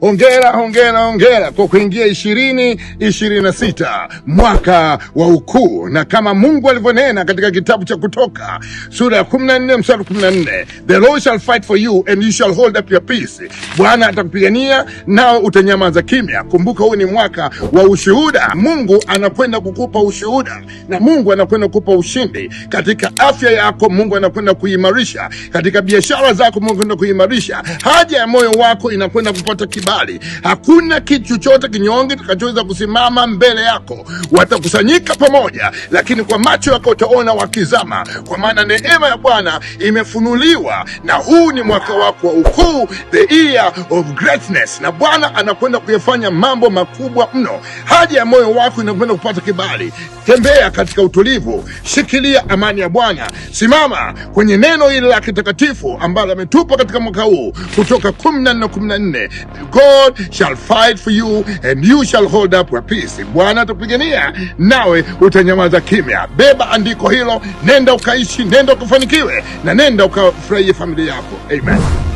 Hongera, hongera, hongera kwa kuingia ishirini ishirini na sita mwaka wa ukuu, na kama Mungu alivyonena katika kitabu cha Kutoka sura ya 14 mstari 14, the Lord shall fight for you and you shall hold up your peace, Bwana atakupigania nao utanyamaza kimya. Kumbuka huu ni mwaka wa ushuhuda. Mungu anakwenda kukupa ushuhuda na Mungu anakwenda kukupa ushindi katika afya yako. Mungu anakwenda kuimarisha katika biashara zako. Mungu anakwenda kuimarisha haja ya moyo wako, inakwenda kupata kiba mbalimbali. Hakuna kitu chochote kinyonge kitakachoweza kusimama mbele yako. Watakusanyika pamoja, lakini kwa macho yako utaona wakizama, kwa maana neema ya Bwana imefunuliwa, na huu ni mwaka wako wa ukuu, the year of greatness, na Bwana anakwenda kuyafanya mambo makubwa mno. Haja ya moyo wako inakwenda kupata kibali. Tembea katika utulivu, shikilia amani ya Bwana, simama kwenye neno hili la kitakatifu ambalo ametupa katika mwaka huu, Kutoka 14 na 14. God shall fight for you and you shall hold up your peace. Bwana atakupigania nawe utanyamaza kimya. Beba andiko hilo, nenda ukaishi, nenda ukafanikiwe na nenda ukafurahie familia yako. Amen.